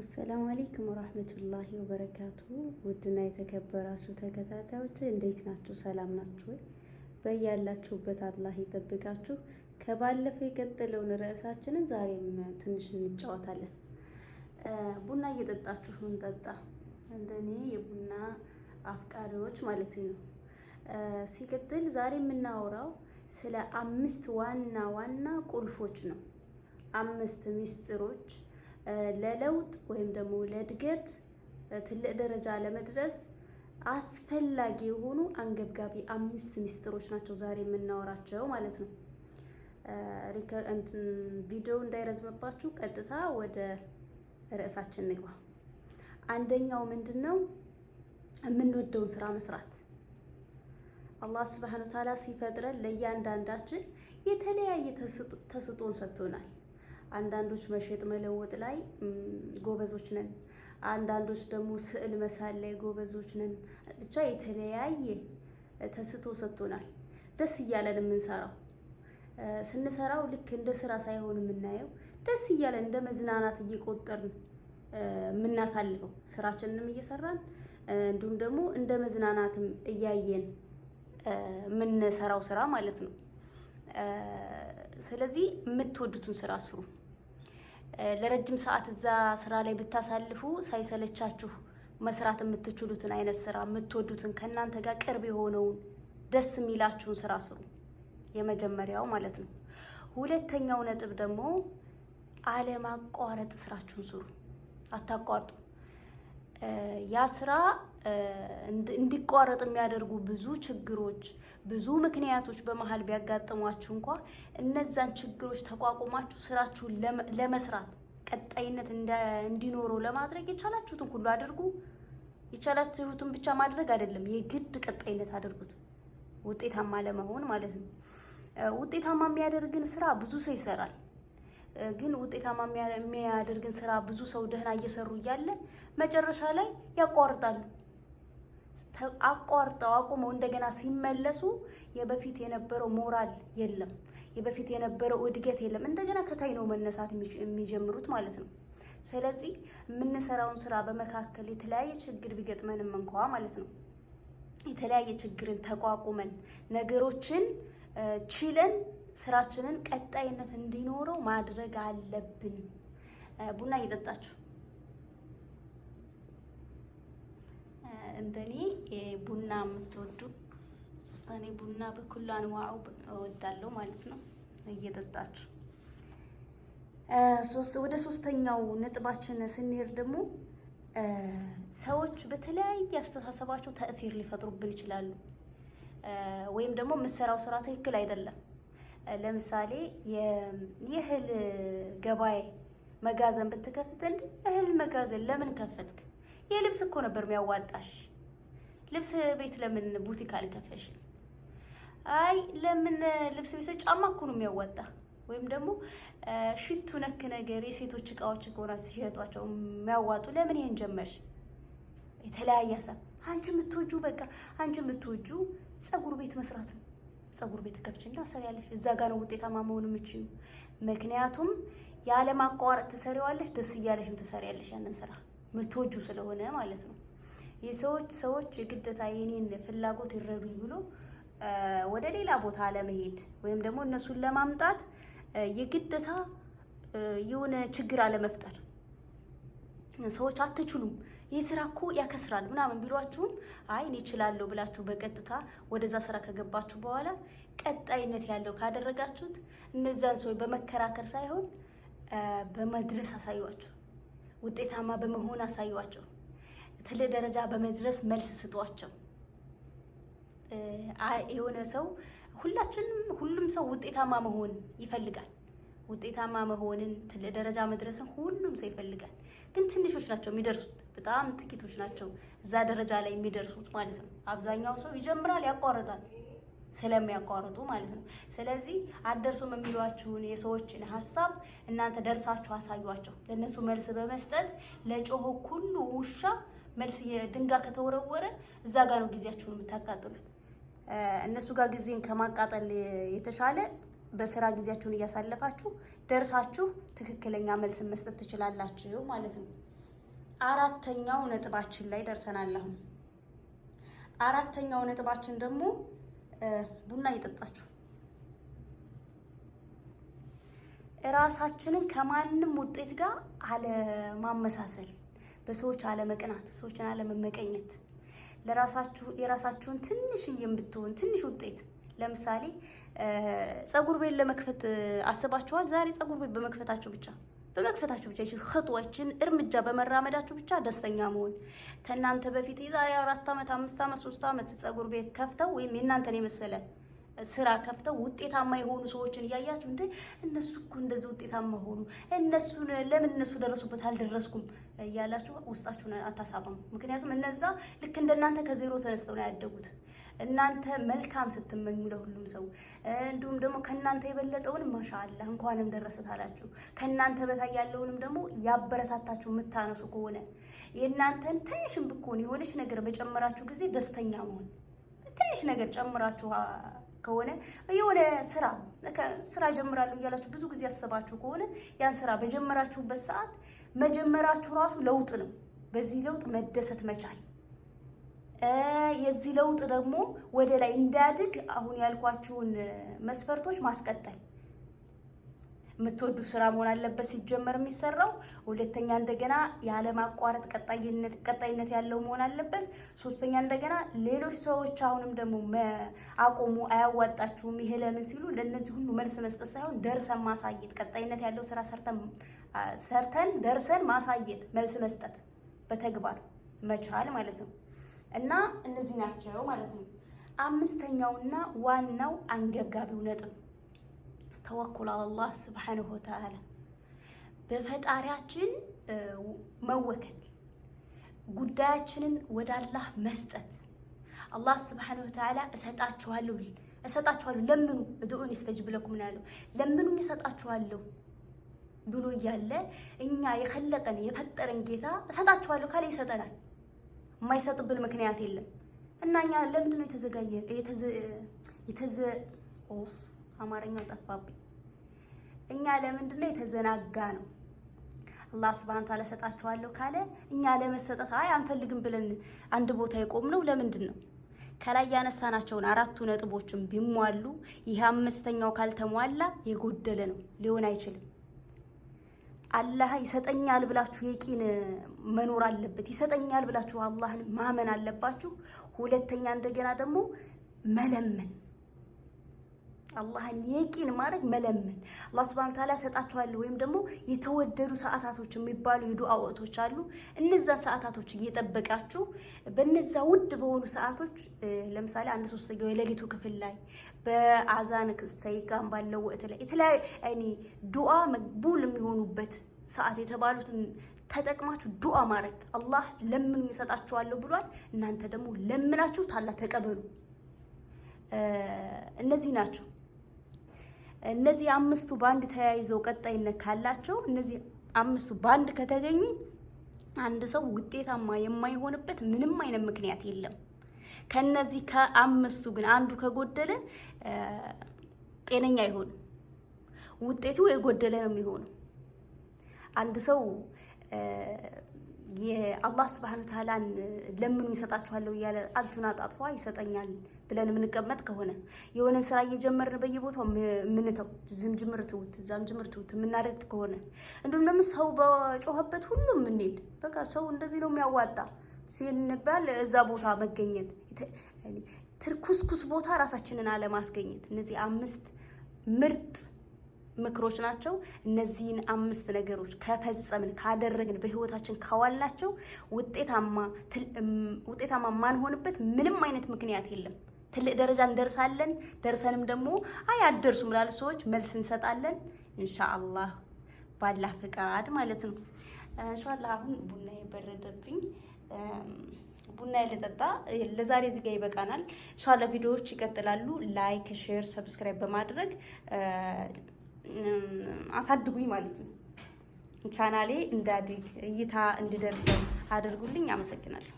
አሰላሙ አሌይኩም ወራህመቱላሂ ወበረካቱ። ውድና የተከበራችሁ ተከታታዮች እንዴት ናችሁ? ሰላም ናችሁ ወይ? በያላችሁበት አላህ ይጠብቃችሁ። ከባለፈው የቀጠለውን ርዕሳችንን ዛሬም ትንሽ እንጫወታለን። ቡና እየጠጣችሁ እንጠጣ። እንደኔ የቡና አፍቃሪዎች ማለት ነው። ሲቀጥል ዛሬ የምናወራው ስለ አምስት ዋና ዋና ቁልፎች ነው። አምስት ሚስጥሮች ለለውጥ ወይም ደግሞ ለእድገት ትልቅ ደረጃ ለመድረስ አስፈላጊ የሆኑ አንገብጋቢ አምስት ሚስጥሮች ናቸው ዛሬ የምናወራቸው ማለት ነው። ቪዲዮ እንዳይረዝምባችሁ ቀጥታ ወደ ርዕሳችን ንግባ። አንደኛው ምንድን ነው? የምንወደውን ስራ መስራት። አላህ ስብሐነሁ ወተዓላ ሲፈጥረን ለእያንዳንዳችን የተለያየ ተስጦን ሰጥቶናል። አንዳንዶች መሸጥ መለወጥ ላይ ጎበዞች ነን፣ አንዳንዶች ደግሞ ስዕል መሳል ላይ ጎበዞች ነን። ብቻ የተለያየ ተስቶ ሰጥቶናል። ደስ እያለን የምንሰራው ስንሰራው ልክ እንደ ስራ ሳይሆን የምናየው ደስ እያለን እንደ መዝናናት እየቆጠርን የምናሳልፈው ስራችንንም እየሰራን እንዲሁም ደግሞ እንደ መዝናናትም እያየን የምንሰራው ስራ ማለት ነው። ስለዚህ የምትወዱትን ስራ ስሩ። ለረጅም ሰዓት እዛ ስራ ላይ ብታሳልፉ ሳይሰለቻችሁ መስራት የምትችሉትን አይነት ስራ የምትወዱትን ከእናንተ ጋር ቅርብ የሆነውን ደስ የሚላችሁን ስራ ስሩ። የመጀመሪያው ማለት ነው። ሁለተኛው ነጥብ ደግሞ አለማቋረጥ ስራችሁን ስሩ፣ አታቋርጡ። ያ ስራ እንዲቋረጥ የሚያደርጉ ብዙ ችግሮች፣ ብዙ ምክንያቶች በመሀል ቢያጋጥሟችሁ እንኳ እነዛን ችግሮች ተቋቁማችሁ ስራችሁን ለመስራት ቀጣይነት እንዲኖረው ለማድረግ የቻላችሁትን ሁሉ አድርጉ። የቻላችሁትን ብቻ ማድረግ አይደለም፣ የግድ ቀጣይነት አድርጉት። ውጤታማ ለመሆን ማለት ነው። ውጤታማ የሚያደርግን ስራ ብዙ ሰው ይሰራል። ግን ውጤታማ የሚያደርግን ስራ ብዙ ሰው ደህና እየሰሩ እያለ መጨረሻ ላይ ያቋርጣሉ። አቋርጠው አቁመው እንደገና ሲመለሱ የበፊት የነበረው ሞራል የለም፣ የበፊት የነበረው እድገት የለም። እንደገና ከታይ ነው መነሳት የሚጀምሩት ማለት ነው። ስለዚህ የምንሰራውን ስራ በመካከል የተለያየ ችግር ቢገጥመንም እንኳ ማለት ነው የተለያየ ችግርን ተቋቁመን ነገሮችን ችለን ስራችንን ቀጣይነት እንዲኖረው ማድረግ አለብን። ቡና እየጠጣችሁ እንደኔ ቡና የምትወዱ እኔ ቡና በኩሉ አንዋው እወዳለሁ ማለት ነው። እየጠጣችሁ ወደ ሶስተኛው ነጥባችን ስንሄድ ደግሞ ሰዎች በተለያየ አስተሳሰባቸው ተእፊር ሊፈጥሩብን ይችላሉ። ወይም ደግሞ የምትሰራው ስራ ትክክል አይደለም ለምሳሌ የእህል ገባይ መጋዘን ብትከፍት፣ እንደ እህል መጋዘን ለምን ከፈትክ? የልብስ እኮ ነበር የሚያዋጣሽ። ልብስ ቤት ለምን ቡቲክ አልከፈሽም? አይ ለምን ልብስ ቤት ጫማ እኮ ነው የሚያዋጣ። ወይም ደግሞ ሽቱ ነክ ነገር የሴቶች እቃዎች ከሆነ ሲሸጧቸው የሚያዋጡ ለምን ይሄን ጀመርሽ? የተለያየ ሀሳብ አንቺ የምትወጁ በቃ አንቺ የምትወጁ ፀጉር ቤት መስራት ነው። ጸጉር ቤት ከፍችና ሰሪያለሽ። እዛ ጋር ነው ውጤታማ መሆን የምችዩ። ምክንያቱም ያለማቋረጥ ትሰሪዋለሽ፣ ደስ እያለሽም ትሰሪያለሽ ያንን ስራ ምትወጁ ስለሆነ ማለት ነው። የሰዎች ሰዎች የግደታ የኔን ፍላጎት ይረዱኝ ብሎ ወደ ሌላ ቦታ ለመሄድ ወይም ደግሞ እነሱን ለማምጣት የግደታ የሆነ ችግር አለመፍጠር። ሰዎች አትችሉም ይህ ስራ እኮ ያከስራል ምናምን ቢሏችሁም አይ እኔ እችላለሁ ብላችሁ በቀጥታ ወደዛ ስራ ከገባችሁ በኋላ ቀጣይነት ያለው ካደረጋችሁት እነዛን ሰዎች በመከራከር ሳይሆን በመድረስ አሳዩቸው። ውጤታማ በመሆን አሳዩቸው። ትልቅ ደረጃ በመድረስ መልስ ስጧቸው። የሆነ ሰው ሁላችንም ሁሉም ሰው ውጤታማ መሆን ይፈልጋል። ውጤታማ መሆንን ትልቅ ደረጃ መድረስን ሁሉም ሰው ይፈልጋል። ግን ትንሾች ናቸው የሚደርሱት። በጣም ጥቂቶች ናቸው እዛ ደረጃ ላይ የሚደርሱት ማለት ነው። አብዛኛው ሰው ይጀምራል፣ ያቋርጣል ስለሚያቋርጡ ማለት ነው። ስለዚህ አደርሱም የሚሏችሁን የሰዎችን ሀሳብ እናንተ ደርሳችሁ አሳዩቸው። ለእነሱ መልስ በመስጠት ለጮሆ ሁሉ ውሻ መልስ ድንጋ ከተወረወረ እዛ ጋር ነው ጊዜያችሁን የምታቃጥሉት። እነሱ ጋር ጊዜን ከማቃጠል የተሻለ በስራ ጊዜያችሁን እያሳለፋችሁ ደርሳችሁ ትክክለኛ መልስ መስጠት ትችላላችሁ ማለት ነው። አራተኛው ነጥባችን ላይ ደርሰናል። አሁን አራተኛው ነጥባችን ደግሞ ቡና እየጠጣችሁ እራሳችንን ከማንም ውጤት ጋር አለማመሳሰል፣ በሰዎች አለመቅናት፣ ሰዎችን አለመመቀኘት፣ ለራሳችሁ የራሳችሁን ትንሽ የምትሆን ትንሽ ውጤት ለምሳሌ ፀጉር ቤት ለመክፈት አስባችኋል። ዛሬ ፀጉር ቤት በመክፈታችሁ ብቻ በመክፈታችሁ ብቻ ይችል እርምጃ በመራመዳችሁ ብቻ ደስተኛ መሆን። ከእናንተ በፊት የዛሬ አራት ዓመት አምስት ዓመት ሶስት ዓመት ጸጉር ቤት ከፍተው ወይም የእናንተን የመሰለ ስራ ከፍተው ውጤታማ የሆኑ ሰዎችን እያያችሁ እንደ እነሱ እኮ እንደዚህ ውጤታማ ሆኑ፣ እነሱ ለምን እነሱ ደረሱበት አልደረስኩም እያላችሁ ውስጣችሁን አታሳቡም ምክንያቱም እነዛ ልክ እንደናንተ ከዜሮ ተነስተው ነው ያደጉት። እናንተ መልካም ስትመኙ ለሁሉም ሰው እንዲሁም ደግሞ ከእናንተ የበለጠውን ማሻአላህ እንኳንም ደረሰ ታላችሁ ከእናንተ በታይ ያለውንም ደግሞ ያበረታታችሁ የምታነሱ ከሆነ የእናንተን ትንሽም ብኮን የሆነች ነገር በጨመራችሁ ጊዜ ደስተኛ መሆን ትንሽ ነገር ጨምራችሁ ከሆነ የሆነ ስራ ስራ ጀምራለሁ እያላችሁ ብዙ ጊዜ ያሰባችሁ ከሆነ ያን ስራ በጀመራችሁበት ሰዓት መጀመራችሁ ራሱ ለውጥ ነው። በዚህ ለውጥ መደሰት መቻል የዚህ ለውጥ ደግሞ ወደ ላይ እንዳያድግ አሁን ያልኳችሁን መስፈርቶች ማስቀጠል የምትወዱ ስራ መሆን አለበት ሲጀመር የሚሰራው። ሁለተኛ እንደገና ያለማቋረጥ ቀጣይነት ቀጣይነት ያለው መሆን አለበት። ሶስተኛ እንደገና ሌሎች ሰዎች አሁንም ደግሞ አቆሙ አያዋጣችሁም፣ ይሄ ለምን ሲሉ ለእነዚህ ሁሉ መልስ መስጠት ሳይሆን ደርሰን ማሳየት፣ ቀጣይነት ያለው ስራ ሰርተን ሰርተን ደርሰን ማሳየት፣ መልስ መስጠት በተግባር መቻል ማለት ነው። እና እነዚህ ናቸው ማለት ነው። አምስተኛውና ዋናው አንገብጋቢው ነጥብ ተወኩል አላህ ስብሓንሁ ወተዓላ በፈጣሪያችን መወከል፣ ጉዳያችንን ወደ አላህ መስጠት። አላህ ስብሓንሁ ወተዓላ እሰጣችኋለሁ እሰጣችኋለሁ ለምኑ እድዑን ይስተጅብ ለኩም ያለው ለምኑ እሰጣችኋለሁ ብሎ እያለ እኛ የከለቀን የፈጠረን ጌታ እሰጣችኋለሁ ካለ ይሰጠናል። የማይሰጥብን ምክንያት የለም። እና እኛ ለምንድን ነው የተዘጋየ የተዘ ኦፍ አማርኛው ጠፋብኝ። እኛ ለምንድን ነው የተዘናጋ ነው? አላህ ስብሃነሁ ተዓላ ሰጣችኋለሁ ካለ እኛ ለመሰጠት አይ አንፈልግም ብለን አንድ ቦታ የቆም ነው ለምንድን ነው? ከላይ ያነሳናቸውን አራቱ ነጥቦችን ቢሟሉ ይህ አምስተኛው ካልተሟላ የጎደለ ነው፣ ሊሆን አይችልም። አላህ ይሰጠኛል ብላችሁ የቂን መኖር አለበት። ይሰጠኛል ብላችሁ አላህን ማመን አለባችሁ። ሁለተኛ እንደገና ደግሞ መለመን አላህን የቂን ማድረግ መለመን። አላህ ስብሃነ ወተዓላ ሰጣችኋለሁ ወይም ደግሞ የተወደዱ ሰዓታቶች የሚባሉ የዱዓ ወቅቶች አሉ። እነዛ ሰዓታቶች እየጠበቃችሁ በነዛ ውድ በሆኑ ሰዓቶች ለምሳሌ አንድ ሶስተኛው የሌሊቱ ክፍል ላይ በአዛን ክስተይቃም ባለው ወቅት ላይ የተለያዩ ያኒ ዱዓ መቅቡል የሚሆኑበት ሰዓት የተባሉትን ተጠቅማችሁ ዱዓ ማድረግ አላህ ለምኑ ይሰጣችኋለሁ ብሏል። እናንተ ደግሞ ለምናችሁ ታላ ተቀበሉ። እነዚህ ናቸው። እነዚህ አምስቱ ባንድ ተያይዘው ቀጣይነት ካላቸው እነዚህ አምስቱ ባንድ ከተገኙ አንድ ሰው ውጤታማ የማይሆንበት ምንም አይነት ምክንያት የለም። ከነዚህ ከአምስቱ ግን አንዱ ከጎደለ ጤነኛ አይሆንም። ውጤቱ የጎደለ ነው የሚሆነው። አንድ ሰው የአላህ ስብሐነ ወተዓላን ለምኑ ይሰጣችኋለሁ እያለ እጁን አጣጥፎ ይሰጠኛል ብለን የምንቀመጥ ከሆነ የሆነ ስራ እየጀመርን በየቦታው የምንተው ዝም ጅምር ትውት እዛም ጅምር ትውት የምናደርግ ከሆነ እንዲሁም ደግሞ ሰው በጮኸበት ሁሉም የምንሄድ በቃ ሰው እንደዚህ ነው የሚያዋጣ ሲንባል እዛ ቦታ መገኘት ትርኩስኩስ ቦታ ራሳችንን አለማስገኘት። እነዚህ አምስት ምርጥ ምክሮች ናቸው። እነዚህን አምስት ነገሮች ከፈጸምን ካደረግን በህይወታችን ካዋልናቸው ውጤታማ ውጤታማ ማንሆንበት ምንም አይነት ምክንያት የለም። ትልቅ ደረጃ እንደርሳለን። ደርሰንም ደግሞ አይ አደርሱም ላሉ ሰዎች መልስ እንሰጣለን። ኢንሻአላህ ባላህ ፍቃድ ማለት ነው። ኢንሻአላህ አሁን ቡና የበረደብኝ ቡና ልጠጣ። ለዛሬ እዚህ ጋር ይበቃናል። ኢንሻአላህ ቪዲዮዎች ይቀጥላሉ። ላይክ፣ ሼር፣ ሰብስክራይብ በማድረግ አሳድጉኝ ማለት ነው። ቻናሌ እንዳድግ እይታ እንድደርሰው አድርጉልኝ። አመሰግናለሁ።